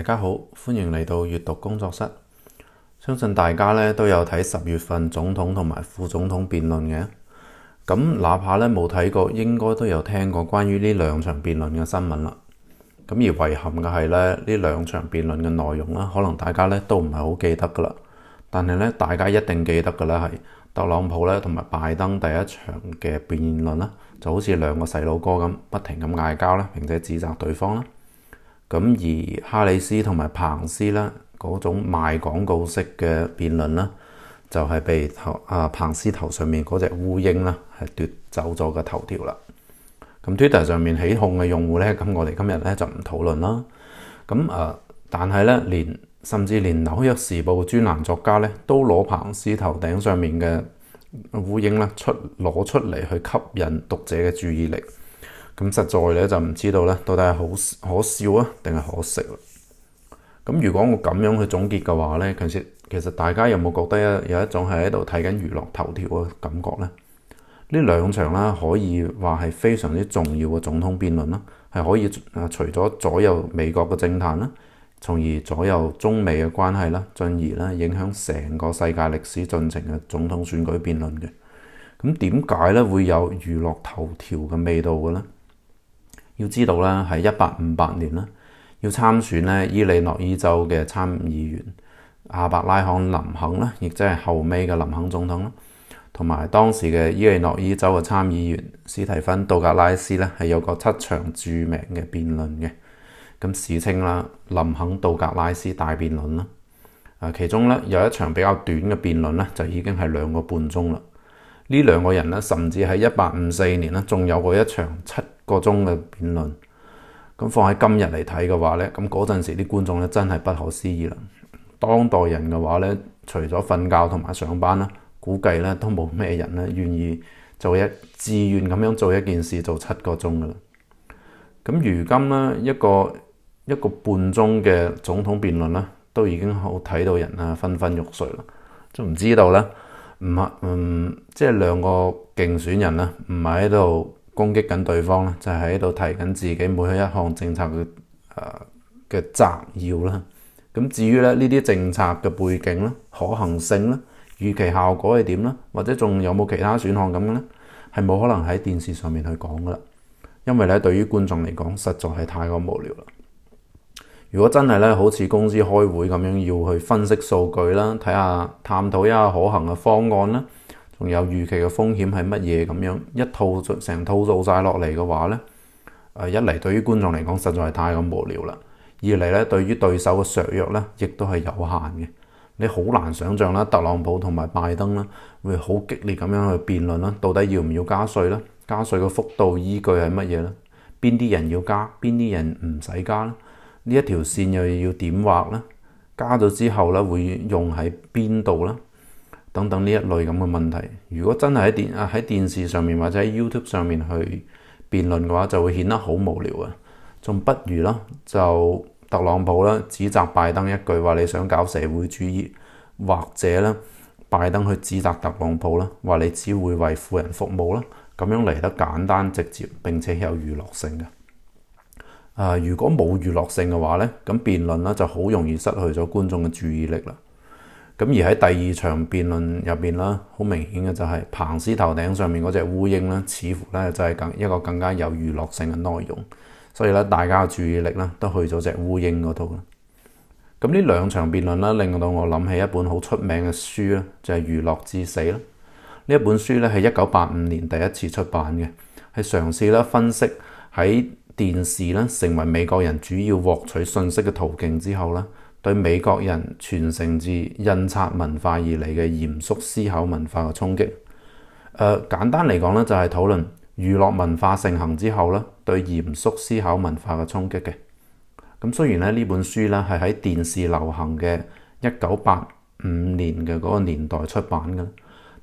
大家好，歡迎嚟到閱讀工作室。相信大家咧都有睇十月份總統同埋副總統辯論嘅，咁哪怕咧冇睇過，應該都有聽過關於呢兩場辯論嘅新聞啦。咁而遺憾嘅係咧，呢兩場辯論嘅內容啦，可能大家咧都唔係好記得噶啦。但係咧，大家一定記得噶啦係特朗普咧同埋拜登第一場嘅辯論啦，就好似兩個細佬哥咁，不停咁嗌交啦，並且指責對方啦。咁而哈里斯同埋彭斯咧嗰種賣廣告式嘅辯論啦，就係被頭啊彭斯頭上面嗰隻烏蠅啦，係奪走咗個頭條啦。咁 Twitter 上面起哄嘅用戶咧，咁我哋今日咧就唔討論啦。咁啊，呃，但係咧，連甚至連紐約時報專欄作家咧，都攞彭斯頭頂上面嘅烏蠅啦，出攞出嚟，去吸引讀者嘅注意力。咁實在咧就唔知道咧，到底係好可笑啊，定係可惜啦？咁如果我咁樣去總結嘅話咧，其實其實大家有冇覺得有一種係喺度睇緊娛樂頭條嘅感覺呢？呢兩場啦，可以話係非常之重要嘅總統辯論啦，係可以除咗左右美國嘅政壇啦，從而左右中美嘅關係啦，進而咧影響成個世界歷史進程嘅總統選舉辯論嘅。咁點解咧會有娛樂頭條嘅味道嘅咧？要知道啦，喺一八五八年啦，要參選咧伊利諾伊州嘅參議員亞伯拉罕林肯啦，亦即係後尾嘅林肯總統啦，同埋當時嘅伊利諾伊州嘅參議員史提芬杜格拉斯咧，係有個七場著名嘅辯論嘅，咁史稱啦林肯杜格拉斯大辯論啦。啊，其中咧有一場比較短嘅辯論咧，就已經係兩個半鐘啦。呢兩個人呢，甚至喺一八五四年呢，仲有過一場七個鐘嘅辯論，咁放喺今日嚟睇嘅話呢，咁嗰陣時啲觀眾咧真係不可思議啦。當代人嘅話呢，除咗瞓覺同埋上班啦，估計呢都冇咩人呢願意做一自願咁樣做一件事做七個鐘㗎啦。咁如今呢，一個一個半鐘嘅總統辯論呢，都已經好睇到人啦，昏昏欲睡啦，仲唔知道呢，唔係嗯，即係兩個競選人呢，唔係喺度。攻擊緊對方啦，就係喺度提緊自己每一項政策嘅嘅摘要啦。咁至於咧呢啲政策嘅背景啦、可行性啦、預期效果係點啦，或者仲有冇其他選項咁嘅咧，係冇可能喺電視上面去講噶啦。因為咧，對於觀眾嚟講，實在係太過無聊啦。如果真係咧，好似公司開會咁樣，要去分析數據啦，睇下、探討一下可行嘅方案啦。仲有預期嘅風險係乜嘢，咁樣一套做成套做晒落嚟嘅話呢，誒一嚟對於觀眾嚟講實在係太咁無聊啦；二嚟呢，對於對手嘅削弱呢，亦都係有限嘅。你好難想象啦，特朗普同埋拜登咧，會好激烈咁樣去辯論啦，到底要唔要加稅咧？加稅嘅幅度依據係乜嘢呢？邊啲人要加，邊啲人唔使加咧？呢一條線又要點畫呢？加咗之後呢，會用喺邊度呢？等等呢一類咁嘅問題，如果真係喺電啊喺電視上面或者喺 YouTube 上面去辯論嘅話，就會顯得好無聊啊，仲不如啦，就特朗普啦，指責拜登一句話，你想搞社會主義，或者咧，拜登去指責特朗普啦，話你只會為富人服務啦，咁樣嚟得簡單直接並且有娛樂性嘅。啊、呃，如果冇娛樂性嘅話呢，咁辯論啦就好容易失去咗觀眾嘅注意力啦。咁而喺第二場辯論入邊啦，好明顯嘅就係彭斯頭頂上面嗰隻烏蠅咧，似乎咧就係更一個更加有娛樂性嘅內容，所以咧大家嘅注意力咧都去咗隻烏蠅嗰度啦。咁呢兩場辯論咧，令到我諗起一本好出名嘅書咧，就係《娛樂至死》啦。呢一本書咧係一九八五年第一次出版嘅，係嘗試咧分析喺電視咧成為美國人主要獲取信息嘅途徑之後咧。對美國人傳承自印刷文化而嚟嘅嚴肅思考文化嘅衝擊。誒、呃，簡單嚟講咧，就係討論娛樂文化盛行之後咧，對嚴肅思考文化嘅衝擊嘅。咁雖然咧呢本書咧係喺電視流行嘅一九八五年嘅嗰個年代出版嘅，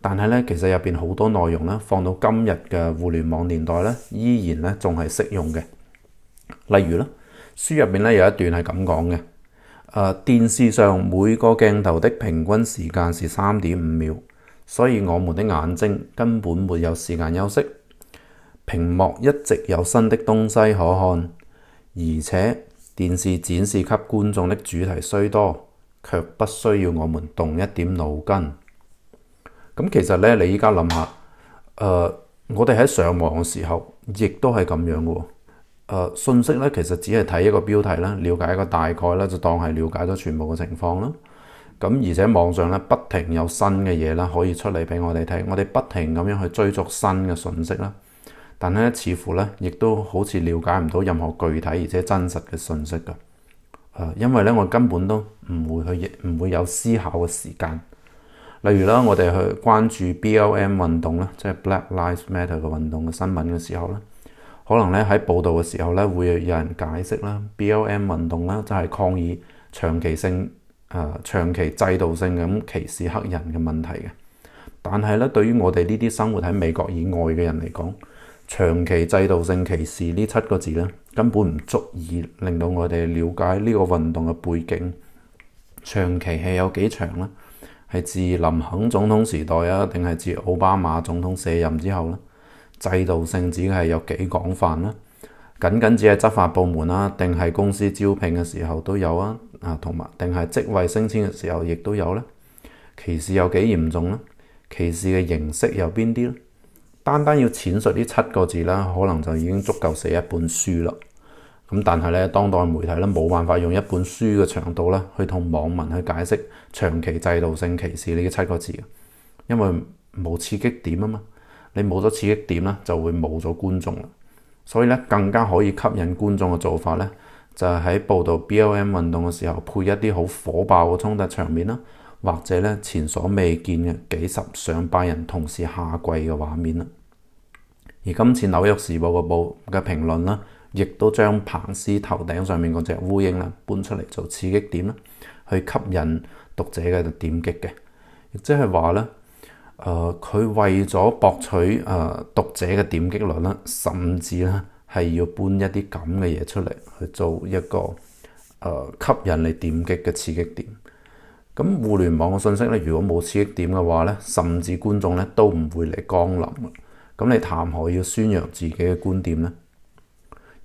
但係咧其實入邊好多內容咧放到今日嘅互聯網年代咧，依然咧仲係適用嘅。例如啦，書入邊咧有一段係咁講嘅。誒，電視上每個鏡頭的平均時間是三點五秒，所以我們的眼睛根本沒有時間休息。屏幕一直有新的東西可看，而且電視展示給觀眾的主題雖多，卻不需要我們動一點腦筋。咁其實呢，你而家諗下，誒，我哋喺上網嘅時候，亦都係咁樣嘅。信息咧，其實只係睇一個標題啦，了解一個大概啦，就當係了解咗全部嘅情況啦。咁而且網上咧不停有新嘅嘢啦，可以出嚟俾我哋睇，我哋不停咁樣去追逐新嘅信息啦。但咧似乎咧，亦都好似了解唔到任何具體而且真實嘅信息噶。因為咧我根本都唔會去，唔會有思考嘅時間。例如啦，我哋去關注 B L M 運動啦，即係 Black Lives Matter 嘅運動嘅新聞嘅時候咧。可能咧，喺報道嘅時候咧，會有人解釋啦，BLM 運動咧就係抗議長期性誒、呃、長期制度性咁歧視黑人嘅問題嘅。但係咧，對於我哋呢啲生活喺美國以外嘅人嚟講，長期制度性歧視呢七個字咧，根本唔足以令到我哋了解呢個運動嘅背景。長期係有幾長呢？係自林肯總統時代啊，定係自奧巴馬總統卸任之後咧？制度性只係有幾廣泛咧？僅僅只係執法部門啦，定係公司招聘嘅時候都有啊？啊，同埋定係職位升遷嘅時候亦都有咧？歧視有幾嚴重呢？歧視嘅形式有邊啲呢？單單要淺述呢七個字啦，可能就已經足夠寫一本書啦。咁但係咧，當代媒體咧，冇辦法用一本書嘅長度咧去同網民去解釋長期制度性歧視呢啲七個字，因為冇刺激點啊嘛。你冇咗刺激點咧，就會冇咗觀眾啦。所以咧，更加可以吸引觀眾嘅做法咧，就係喺報道 BLM 運動嘅時候，配一啲好火爆嘅衝突場面啦，或者咧，前所未見嘅幾十上百人同時下跪嘅畫面啦。而今次紐約時報嘅報嘅評論啦，亦都將彭斯頭頂上面嗰隻烏蠅啦搬出嚟做刺激點啦，去吸引讀者嘅點擊嘅，亦即係話咧。佢、呃、為咗博取誒、呃、讀者嘅點擊率咧，甚至咧係要搬一啲咁嘅嘢出嚟去做一個誒、呃、吸引你點擊嘅刺激點。咁互聯網嘅信息咧，如果冇刺激點嘅話咧，甚至觀眾咧都唔會嚟光臨。咁你談何要宣揚自己嘅觀點咧？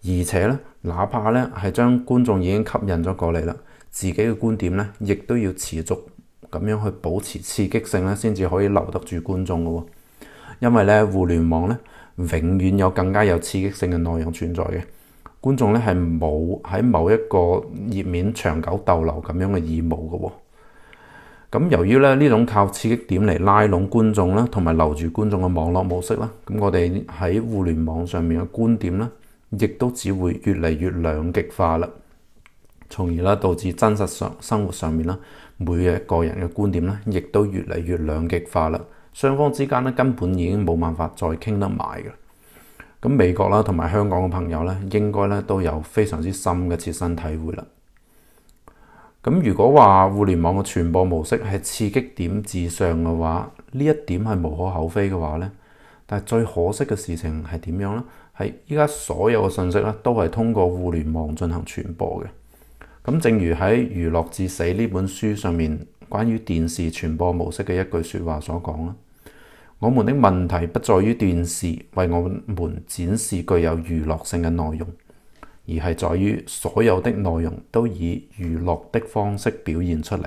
而且咧，哪怕咧係將觀眾已經吸引咗過嚟啦，自己嘅觀點咧，亦都要持續。咁樣去保持刺激性咧，先至可以留得住觀眾㗎喎。因為咧，互聯網咧永遠有更加有刺激性嘅內容存在嘅，觀眾咧係冇喺某一個頁面長久逗留咁樣嘅義務㗎喎、哦。咁、嗯、由於咧呢種靠刺激點嚟拉攏觀眾啦，同埋留住觀眾嘅網絡模式啦，咁我哋喺互聯網上面嘅觀點咧，亦都只會越嚟越兩極化啦，從而啦導致真實上生活上面啦。每一個人嘅觀點咧，亦都越嚟越兩極化啦。雙方之間咧，根本已經冇辦法再傾得埋嘅。咁美國啦，同埋香港嘅朋友咧，應該咧都有非常之深嘅切身體會啦。咁如果話互聯網嘅傳播模式係刺激點至上嘅話，呢一點係無可厚非嘅話咧。但係最可惜嘅事情係點樣咧？係依家所有嘅信息咧，都係通過互聯網進行傳播嘅。咁正如喺《娛樂至死》呢本書上面，關於電視傳播模式嘅一句説話所講啦，我們的問題不在於電視為我們展示具有娛樂性嘅內容，而係在於所有的內容都以娛樂的方式表現出嚟。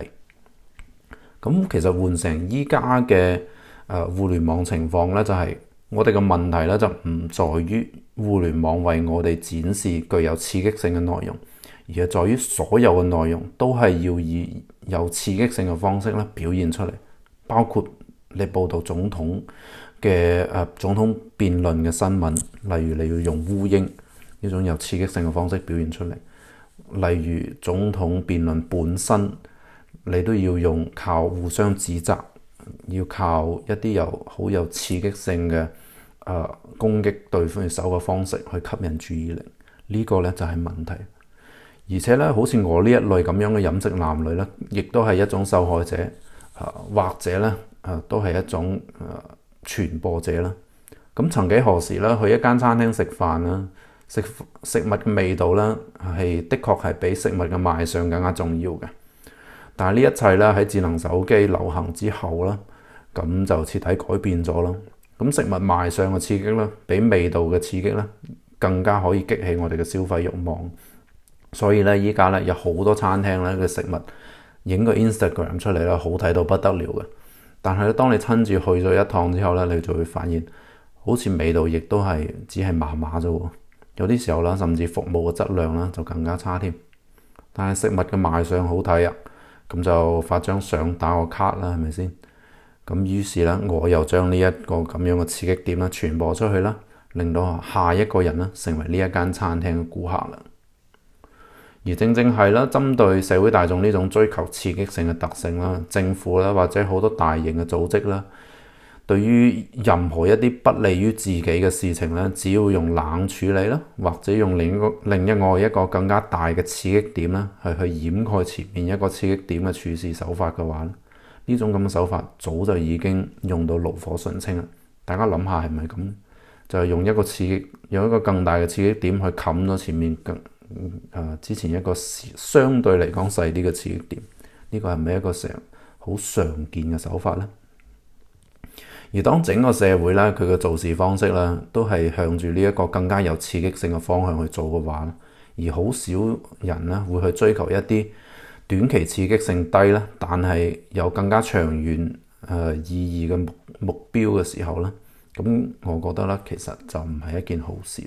咁其實換成依家嘅誒互聯網情況咧、就是，就係我哋嘅問題咧，就唔在於互聯網為我哋展示具有刺激性嘅內容。而係在於所有嘅內容都係要以有刺激性嘅方式咧表現出嚟，包括你報道總統嘅誒、啊、總統辯論嘅新聞，例如你要用烏蠅呢種有刺激性嘅方式表現出嚟，例如總統辯論本身，你都要用靠互相指責，要靠一啲有好有刺激性嘅誒、啊、攻擊對方嘅手嘅方式去吸引注意力，這個、呢個咧就係、是、問題。而且咧，好似我呢一類咁樣嘅飲食男女咧，亦都係一種受害者啊、呃，或者咧啊、呃，都係一種啊、呃、傳播者啦。咁曾幾何時咧，去一間餐廳食飯啊，食食物嘅味道咧係的確係比食物嘅賣相更加重要嘅。但係呢一切咧喺智能手機流行之後咧，咁就徹底改變咗咯。咁食物賣相嘅刺激咧，比味道嘅刺激咧更加可以激起我哋嘅消費慾望。所以咧，依家咧有好多餐廳咧嘅食物影個 Instagram 出嚟啦，好睇到不得了嘅。但係咧，當你親自去咗一趟之後咧，你就會發現好似味道亦都係只係麻麻啫喎。有啲時候啦，甚至服務嘅質量啦就更加差添。但係食物嘅賣相好睇啊，咁就發張相打個卡啦，係咪先？咁於是咧，我又將呢一個咁樣嘅刺激點咧傳播出去啦，令到下一個人咧成為呢一間餐廳嘅顧客啦。而正正係啦，針對社會大眾呢種追求刺激性嘅特性啦，政府啦或者好多大型嘅組織啦，對於任何一啲不利於自己嘅事情呢，只要用冷處理啦，或者用另一個另一外一個更加大嘅刺激點呢，係去掩蓋前面一個刺激點嘅處事手法嘅話，呢種咁嘅手法早就已經用到爐火純青啦。大家諗下係咪咁？就係、係、用一個刺激，用一個更大嘅刺激點去冚咗前面更之前一個相對嚟講細啲嘅刺激點，呢個係咪一個常好常見嘅手法呢？而當整個社會咧，佢嘅做事方式啦，都係向住呢一個更加有刺激性嘅方向去做嘅話，而好少人呢會去追求一啲短期刺激性低啦，但係有更加長遠誒、呃、意義嘅目目標嘅時候呢。咁我覺得呢，其實就唔係一件好事。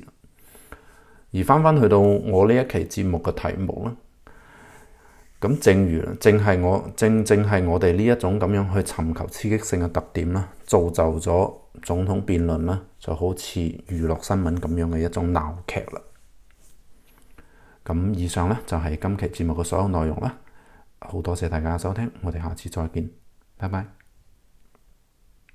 而返返去到我呢一期節目嘅題目啦，咁正如正係我正正係我哋呢一種咁樣去尋求刺激性嘅特點啦，造就咗總統辯論啦，就好似娛樂新聞咁樣嘅一種鬧劇啦。咁以上咧就係今期節目嘅所有內容啦，好多謝大家收聽，我哋下次再見，拜拜。